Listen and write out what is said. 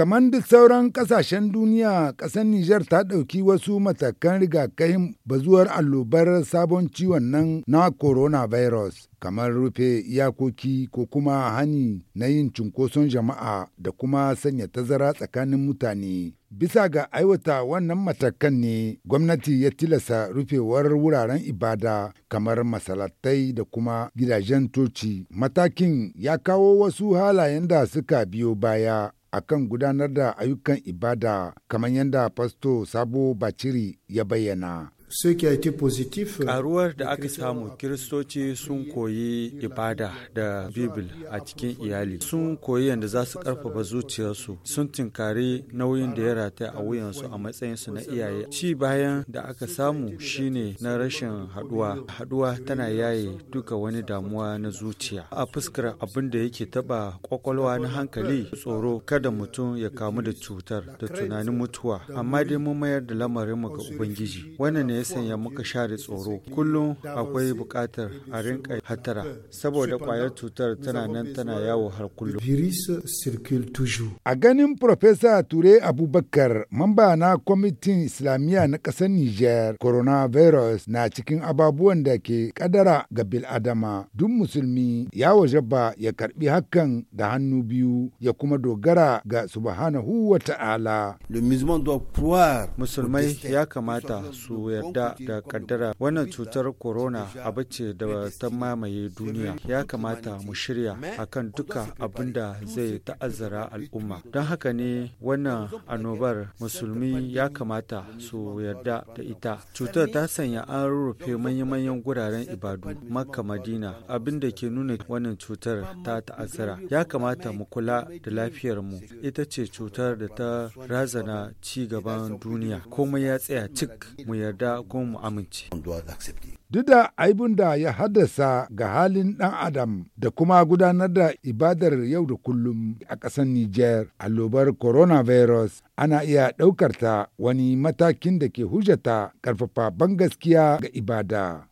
Kamar duk sauran ƙasashen duniya, ƙasar Nijar ta ɗauki wasu matakan rigakafin bazuwar allobar sabon ciwon nan na coronavirus, kamar rufe iyakoki ko kuma hani na yin cunkoson jama'a da kuma sanya tazara tsakanin mutane. Bisa ga aiwata wannan matakan ne gwamnati ya tilasta rufewar wuraren ibada kamar masalatai da kuma gidajen toci. Matakin ya kawo wasu halayen da suka biyo baya. akan gudanar da ayyukan ibada kamar yadda fasto sabo baciri ya bayyana Euh, Karuwar da aka samu kiristoci sun koyi ibada da bibil a cikin iyali sun koyi yadda za su karfafa zuciyarsu sun tinkari nauyin da ya rata a wuyansu a matsayinsu na iyaye ci bayan da aka samu shine na rashin haduwa haduwa tana yaye duka wani damuwa na zuciya a fuskar abin da yake taba kwakwalwa na hankali tsoro kada mutum ya kamu da cutar da tunanin mutuwa amma dai mun mayar da lamarinmu ga ubangiji wannan ne ya sanya muka share tsoro kullum akwai buƙatar a rinka hatara saboda kwayar cutar tana nan tana yawo har kullum a ganin profesa ture abubakar mamba na kwamitin islamiyya na ƙasar niger coronavirus na cikin ababuwan da ke kadara ga bil'adama duk musulmi ya wajaba ya karbi hakan da hannu biyu ya kuma dogara ga subhanahu wa ta'ala musulmai ya kamata su yarda da da kaddara wannan cutar corona abu ce da ta mamaye duniya ya kamata mu shirya akan duka abin da zai ta'azzara al'umma don haka ne wannan annobar musulmi ya kamata su yarda da ita cutar ta sanya an rufe manya-manyan guraren ibadu makka madina abin da ke nuna wannan cutar ta ta'azzara ya kamata mu kula da lafiyarmu ita ce cutar da ta razana ci gaban duniya komai ya tsaya cik mu yarda ko mu amince. Duk da aibun da ya haddasa ga halin ɗan Adam da kuma gudanar da ibadar yau da kullum a ƙasar Nijar, allobar coronavirus ana iya ɗaukar ta wani matakin da ke hujjata ƙarfafa ban gaskiya ga ibada.